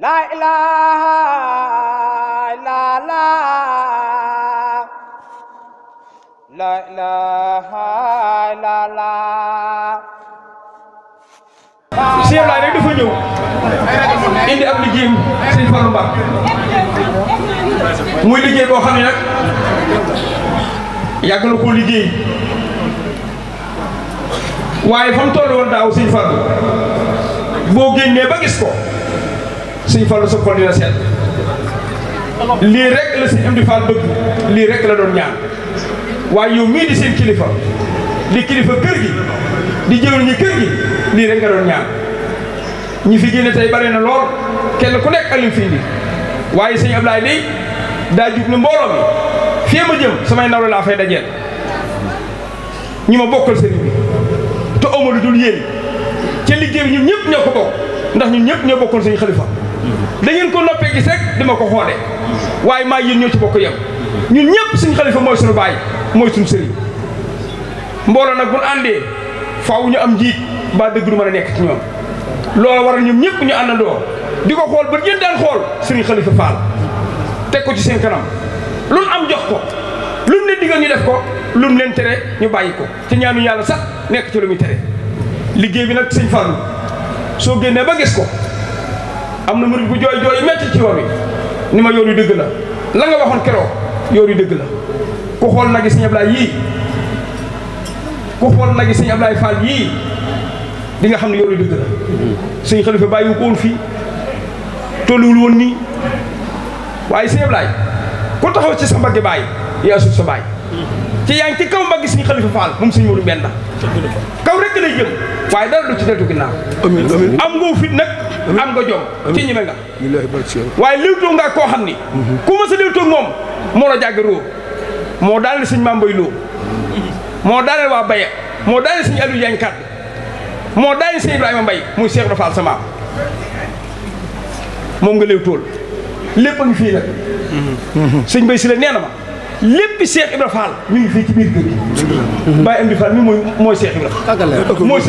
la ilaha la la la ilaha la la Cheikh Laay rek dafa ñëw indi ab liggéeyam sëñ Fallou Mbacké muy liggéey boo xam ne nag yàgg na koo liggéey waaye fa mu toll woon daaw sëñ Fallou boo génnee ba gis ko suñu Fallou sa xol dina seet lii rek la suñu Amdi Fall bëgg lii rek la doon ñaan waaye yow mii di seen kilifa di kilifa kër gi di jëwal ñi kër gi lii rek nga doon ñaan ñi fi génne tey bare na lool kenn ku nekk alim fi indi waaye sëñ Ablaye day daa jub ne mbooloo mi fii ma jëm samay nawle laa fay dajeel ñi ma bokkal sëriñ bi te omalu dul yéen ca liggéey bi ñun ñëpp ñoo ko bokk ndax ñu ñëpp ñoo bokkoon sëñ xalifa da ngeen ko noppee gis di ma ko xoole waaye maa yéen ñoo ci bokk yem ñun ñëpp suñu xalifa mooy suñu baay mooy suñu sëriñ mbooloo nag bu ñu àndee faaw ñu am njiit ba dëgg du mën a nekk ci ñoom loolu waral ñoom ñëpp ñu àndandoo di ko xool ba ngeen daan xool sëriñ xalifa faal teg ko ci seen kanam lu am jox ko lu ne digal ñu def ko lu leen tere ñu bàyyi ko ci ñaanu yàlla sax nekk ci lu muy tere liggéey bi nag sëñ Fallou soo génnee ba gis ko. am na murid bu jooy jooy metti ci yoon wi ni ma yoon wi dëgg la la waxoon keroog yoon wi dëgg la ku xool nag yi sëñ Ablaay yii ku xool nag yi yii di nga xam ne yoon wi dëgg la sëñ Xalifa bàyyi woon fii tolluwul woon nii waaye sëñ Ablaay ku taxaw ci sa mbagg yaa suuf sa baay ci yaa ngi ci kaw mbagg sëñ Xalifa Fall moom sëñ Moodu benn kaw rek lay jëm waaye dara du ci deltu ginnaaw am nga fit nag am nga jom ci ñeme nga waaye liwtoo nga koo xam ni mhm. ku ma sa liwtoo moom moo la jàgg róo moo daaneel sëñ Mame Boye Lo mhm. moo daaneel waa Baye moo daaneel sëñ Aliou Diagne Kàdd moo daaneel sëñ Ibrahima Mbaye muy Cheikh Ibra Fall sa maam moom nga liwtool lépp a ngi fii nag mhm. sëñ Bay si la nee na ma lépp Cheikh Ibra fii ci biir kër gi Baye Amdi Fall mi mooy mooy Cheikh Ibra mooy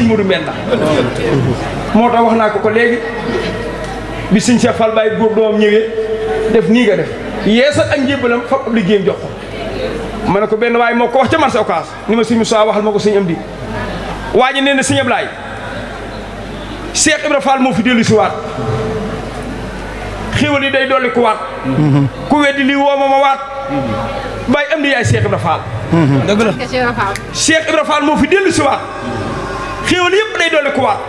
moo tax wax naa ko ko léegi bi sëñ Cheikh Fall Baye góor doomam ñëwee def nii nga def yeesal ak njébbalam fab ab liggéeyam jox ko ma ne ko benn waaye moo ko wax ca marché Ocass ni ma sëñ Moussa waxal ma ko sëñ Amdi waa ji nee na sëñ Ablaye Cheikh Ibra Fall moo fi dellu si waat xéwal yi day dolli ku waat ku weddi lii woo ma baay waat Baye Amdi yaay Cheikh Ibra Fall dëgg la Cheikh Ibra Fall moo fi dellu si waat xéewal yëpp day doole ku waat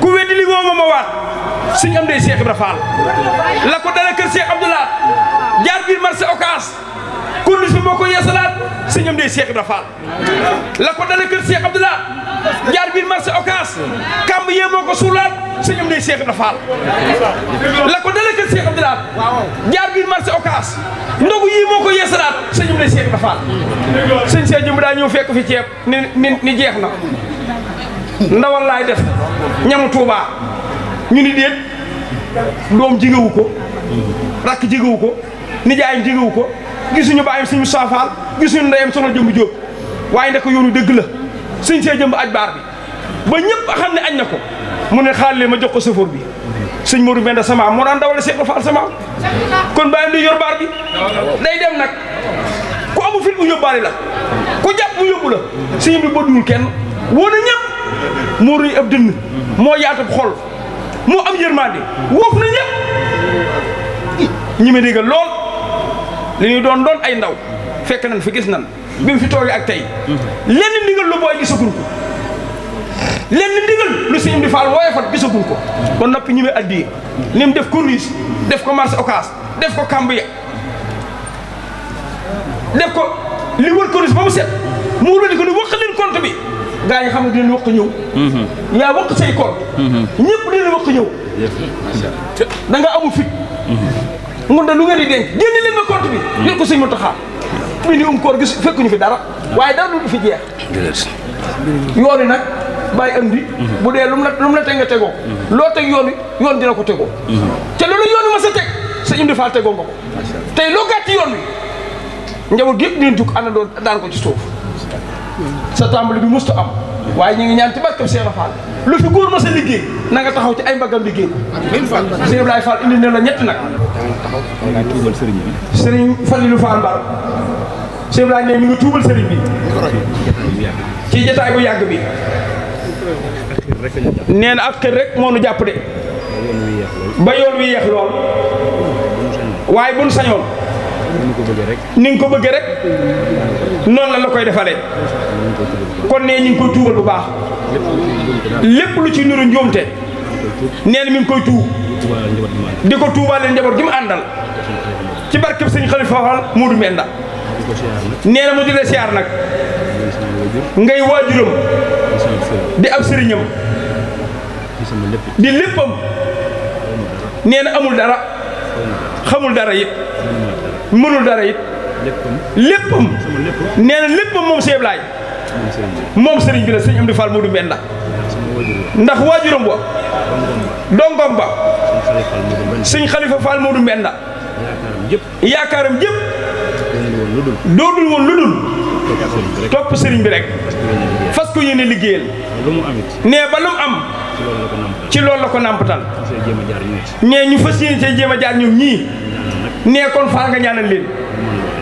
ku weddi li mooma ma waat suñu am day Cheikh Ibra Fall la ko dala kër Cheikh Abdoulaat jaar biir marché Ocass kurlis bi moo ko yeesalaat suñu am day Cheikh Ibra Fall la ko dala kër Cheikh Abdoulaat jaar biir marché Ocass kàmb yee moo ko suulaat suñu am day Cheikh Ibra Fall la ko dala kër Cheikh Abdoulaat jaar biir marché Ocass ndogu yii moo ko yeesalaat suñu am day Cheikh Ibra Fall sëñ Cheikh jëmb daa ñëw fekk fi ceeb ni ni jeex na ndawal laay def ñamu Tuubaa ñu ni déet doom jegewu ko rakk jegewu ko nijaayam jegewu ko gisuñu baayam suñu saafaal gisuñu ndeyam soxna jëmb jóob waaye ndako yoonu dëgg la suñ see jëmb aj baar bi ba ñëpp xam ne añ na ko mu ne xaaral ma jox ko sëfoor bi sëñ Modou Mbenda sama moo daan dawale Seex Faal sama kon bàyyam di yor baar bi day dem nag ku amu fit bu yóbbaale la ku jàpp bu yóbbu la sëñ bi ba duul kenn moo rëy ab dënn moo yaatab xol mu am yërmande wóof na ñëpp ñi ma lool li ñu doon doon ay ndaw fekk nañ fi gis nañ bi mu fi toogee ak tey lenn ndigal lu booy gisaguñ ko lenn ndigal lu si im faal wooye fat gisaguñ ko ba noppi ñi ma addiye ni def ko riis def ko marché occas def ko kamb ya def ko li wër ko riis ba mu set mu wër ko ni wax leen compte bi gaa yi xam ne dinañ wëq ñëw. Mhm. yaa wëq say koor. Mhm. ñëpp dinañ wëq ñëw. da nga amul fit. Mhm. mun de lu ngeen di denc génne leen ma compte bi. leen ko sëñ Mountakha. bii ni um koor gis fekkuñu fi dara. waaye dara du fi jeex. yoon nag bàyyi bi bu dee lu mu la lu mu la teg nga tegoo. loo teg yoon yoon dina ko tegoo. te loolu yoon ma indi faal tegoo nga ko. tey loo gàtt yoon wi njaboot yëpp dinañ jug ànd doon daan ko ci suuf. sa tàmbali bi musta am waaye ñu ngi ñaan ci barkam Seex Ibra Faal lu fi góor ma sa liggéey nanga taxaw ci ay mbaggam liggéey ko Seex Ibrahima Faal indi ne la ñett nag sëriñ Falilu mi ngi tuubal sëriñ bi ci jataay bu yàgg bi nee na ak kër rek moo nu jàpp de ba yoon wi yeex lool waaye bu nu sañoon ni ko bëgge rek. ni ko bëggee rek noonu la koy defalee kon nee ñu ngi koy tuubal bu baax lépp lu ci nuru njuumte nee na mi ngi koy tuub di ko tuubaale njaboot gi mu àndal ci barkeb sëñ Xalifa Fall Moodu Menda nee na mu di la siyaar nag ngay waajuram di ab sëriñam di léppam nee na amul dara xamul dara it. mënul dara it léppam nee na léppam moom Sëñ Ablaay moom sëriñ bi la sëñ Amdi Fall Moodu Mbenda ndax waajuram wa dongom ba sëñ Xalifa Fall Moodu Mbenda yaakaaram jëpp doodul woon lu dul topp sëriñ bi rek fas ko yéene liggéeyal nee ba am ci loolu la ko nàmpatal nee ñu fas yéene see jéem jaar ñoom ñii nee kon faal nga ñaanal leen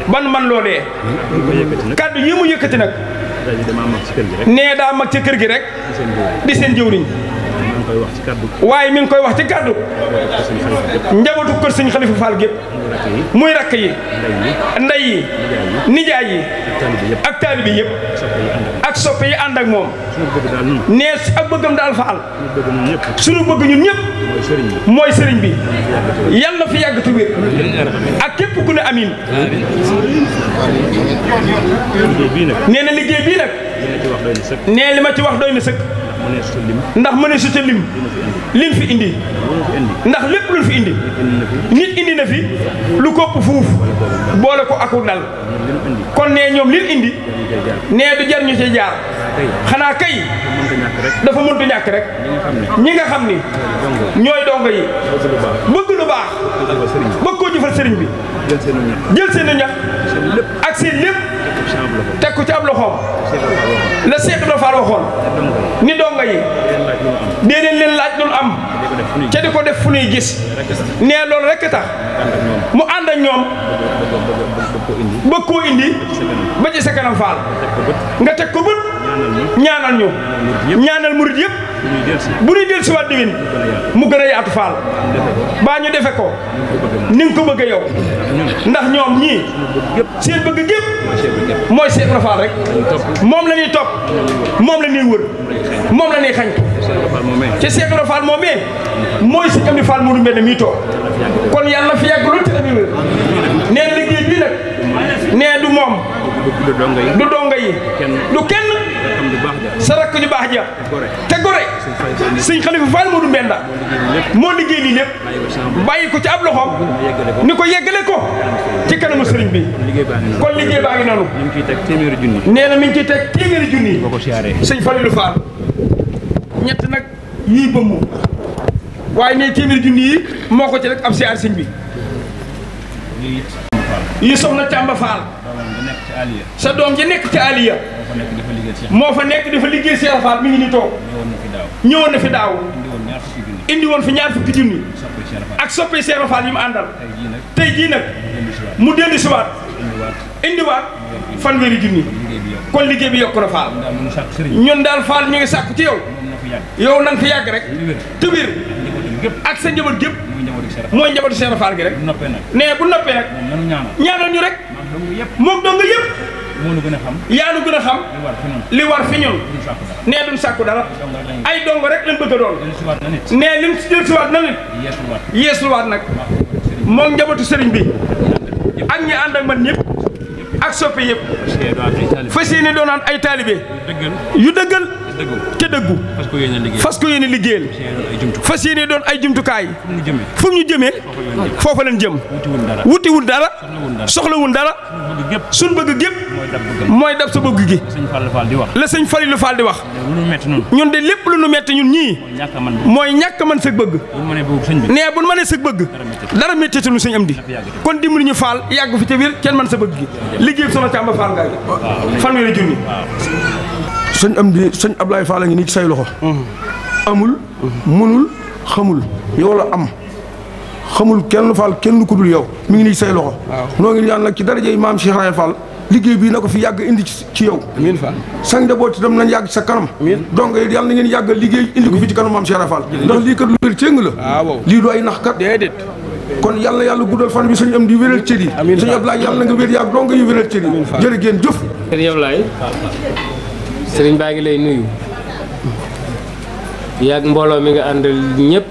ban man loolee. kaddu yi mu yëkkati nag. nee daa mag ci kër gi rek. di seen jëwriñ. waaye mi ngi koy wax ci kàddu njabootu kër sëñ xalifa Fall gépp muy rakk yi ndey yi nijaay yi ak taalibe yëpp ak soppe yi ànd ak moom. nee si ak bëggam daal fa al. suñu bëgg ñun ñëpp. mooy sëriñ bi. yàlla fi yàgg tuwér. ak képp ku ne amiin. nee na liggéey bii nag. nee li ma ci wax doy na sëkk. ndax mënee su ta lim lim fi indi ndax lépp lu fi indi nit indi na fi lu kopp fuuf boole ko aku dal kon nee ñoom lin indi nee du jar ñu ci jaar xanaa kay dafa mënta ñàkk rek ñi nga xam ni ñooy dongo yi bëgg lu baax bëgg koo jëfal sëriñ bi jël seen ñax ak seen lépp teg ko ci ab loxoom la Seex Ibra Faal waxoon ni donga yi dee leen leen laaj lu am ca di ko def fu nuy gis nee lool rekk tax mu ànd ak ñoom bëgg koo indi ba ci sa kanam faal nga teg ko bët ñaanal ñu ñaanal murit yëpp bu ñuy dellusi waat déwén mu gën a yaatu faal baa ñu defe ko ni ko bëgg yow ndax ñoom ñii seen bëgg gépp mooy Seex Ibra Faal rek moom la ñuy topp moom la ñuy wër moom la ñuy xañtu ci Seex Ibra Faal moomee mooy si am di Faal Modou Mbène mii toog kon yàlla fi yàgg loolu te ami nee du moom du donga yi du kenn sa rakk ju baax ja te gore sëñ xalifa faal moodu mbenda moo liggéey lii lépp bàyyi ko ci ab loxoom ni ko yeggale ko ci kanamu sëriñ bi kon liggéey baa ngi noonu nee na mi ngi ciy teg téeméeri junni sëñ falilu faal ñett nag yii bëmmu waaye nee téeméeri junni yi moo ko ci rek ab siyaar sëñ bi yi soxna Tamba Fall sa doom ji nekk ci aliya moo fa nekk dafa liggéey Cheikh Fall mi ngi ni toog ñëwoon na fi daaw indi woon fi ñaar fukki junni ak soppee Cheikh Fall yi mu àndal tey jii nag mu dellu si waat indiwaat fanweeri junni kon liggéey bi yokku na Fall ñun daal Fall ñu ngi sàkku ci yow yow na nga fi yàgg rek te ak sa njaboot gépp mooy njabootu Cheikh Fall gi rek nee bu noppee nag ñaanal ñu rek moom dong yëpp moo nu gën a xam. yaa nu gën a xam. li war fi ñun. nee sàkku dara. ay dongo rek lañ bëgg a doon. nee lim si nag. moom njabootu sëriñ bi. ak ñi ànd ak man ñëpp. ak soppe yëpp. fas yéene doonaat ay taalibe. yu dëggal. te dëggu. fas ko yéene liggéeyal. fas yéene doon ay jumtukaay. fu mu ñu jëmee. foofa leen jëm. wutiwul dara. soxlawul dara. bëgg gépp suñ bëgg gépp mooy dab sa bëgg gi la sëñ Fallou Fall di wax ñun de lépp lu nu metti ñun ñii mooy ñàkk man sa bëgg nee bu nu mënee sa bëgg dara métti lu sëñ am di kon dimbali ñu Fall yàgg fi ca biir kenn man sa bëgg gi liggéey soxna Tamba Fall ngaa gi fanweeri junni sëñ am di sëñ Ablaye Fall a ngi nii ci say loxo amul mënul xamul yow la am xamul kenn Fall kenn ku dul yow mi ngi nii say loxo. noo ngi ñaan nag ci darajey maam Cheikh Raye Fall liggéey bii na ko fi yàgg indi ci yow. amiin Fall sang njaboot itam nañ yàgg sa kanam. amiin donc yàlla na ngeen yàgg liggéey indi ko fi ci kanam maam Cheikh Raye Fall. ndax lii kat lu wér cëng la. waaw lii du ay nax kat. déedéet. kon yàlla na yàlla guddal fan bi suñu am di wéral cër yi. amiin Fall suñu Ablaye yàlla na nga wér yàgg dong nga ñu wéral cër yi. amiin Fall jëf. sëriñ baa ngi lay nuyu. yàgg mi nga àndal ñëpp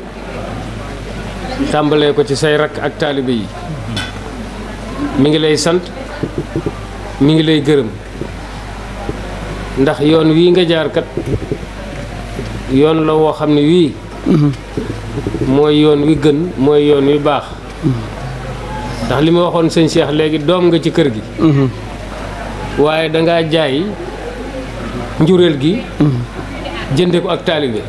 tàmbalee ko ci say rakk ak taalibe yi mi ngi lay sant mi ngi lay gërëm ndax yoon wii nga jaar kat yoon la woo xam ne wii mooy yoon wi gën mooy yoon wi baax ndax li ma waxoon sëñ Cheikh léegi doom nga ci kër gi waaye dangaa jaay njureel gi jënde ko ak taalibe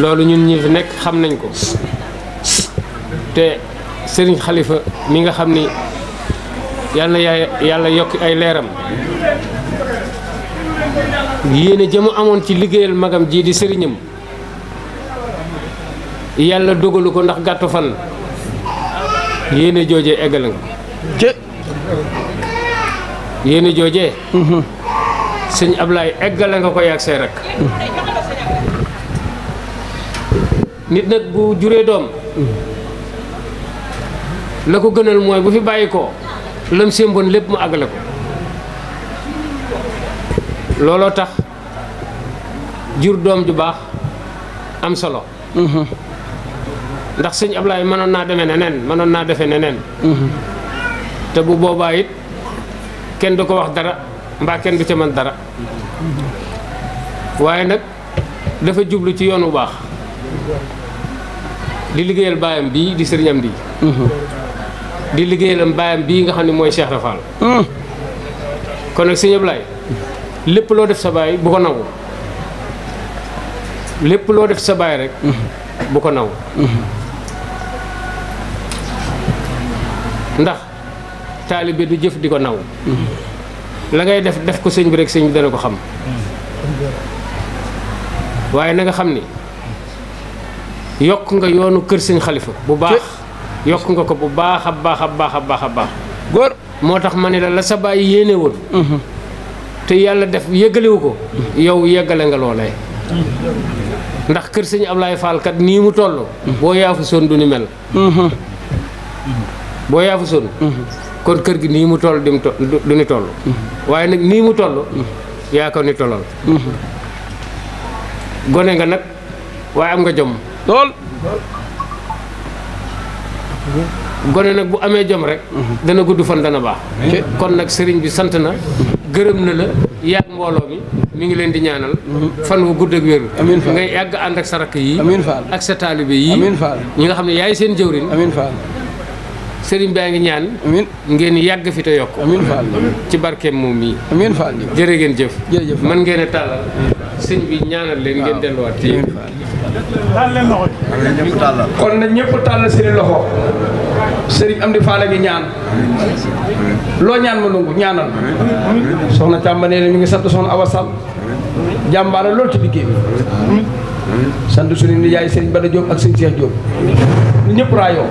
loolu ñun ñi fi nekk xam nañ ko te sëriñ xalifa mi nga xam ni yal yàlla yokki ay leeram yéene jëmu amoon ci liggéeyal magam jii di sëriñam yàlla dogalu ko ndax gàttu fan yéene joojee eggale nga jë yéene joojee mm-hmm. sëñ Ablaay eggale nga ko yàgg see rek nit nag bu juree doom mm-hmm. la ko gënal mooy bu fi bàyyi ko lam sémboon lépp mu àggale ko looloo tax jur doom ju baax am solo mm-hmm. ndax sëñ Ablaye mënoon naa demee neneen mënoon naa defee neneen mm-hmm. te bu boobaa kenn du ko wax dara mbaa kenn du ca mën dara waaye nag dafa jublu ci yoon wu baax di liggéeyal baayam bii di sëriñam di mm-hmm. di liggéeyal baayam bii nga xam ne mooy Cheikh Rafal hmm. kon nag sëñ Ablaye lépp loo def sa baay bu ko naw lépp loo def sa baay rek hmm. bu ko nangu hmm. ndax taalibe du jëf di ko naw la ngay def def ko sëñ bi rek sëñ bi dana ko xam waaye na nga xam ni yokk nga yoonu kër sëñ xalifa bu baax yokk nga ko bu baax a baax a baax a baax a baax góor moo tax ma ne la la sa bàyyi yéene woon mhm. te yàlla def yëggalewu ko yow yeggale nga loolee ndax kër sëñ Ablaye Fall kat nii mu toll boo yaafu son du ni mel mhm. boo yaafu mhm. kon kër gi nii mu toll di mu to toll waaye nag nii mu toll yaa ko ni tollal gone nga nag waaye am nga jom lool gone nag bu amee jom rek mhm. dana gudd fan dana baax kon nag sëriñ bi sant na mhm. gërëm na la yaag mbooloo mi mu ngi leen di ñaanal mhm. fan wu gudd ak wér ngay yàgg ànd ak sa rakk yi ak sa taalibe yi ñi nga xam ne yaay seen jëwrin sëriñ baa ngi ñaan. amiin ngeen yàgg fi te yokk. amiin Fall ci barkeem moom mii. amiin Fall jërë ngeen jëf. jërëjëf man ngeen a tàllal. sëñ bi ñaanal leen ngeen delluwaat ci. tàllal ñëpp tàllal. kon nag ñëpp tàllal seen loxo. sëriñ am Fall a ngi ñaan. loo ñaan ma nangu ñaanal. soxna Tamba nee na ñu ngi sant soxna Awa Sall. jàmbaara lool ci liggéey bi. sant suñu nijaay sëriñ Bada Diop ak sëriñ Cheikh Diop. ñëpp raayoo.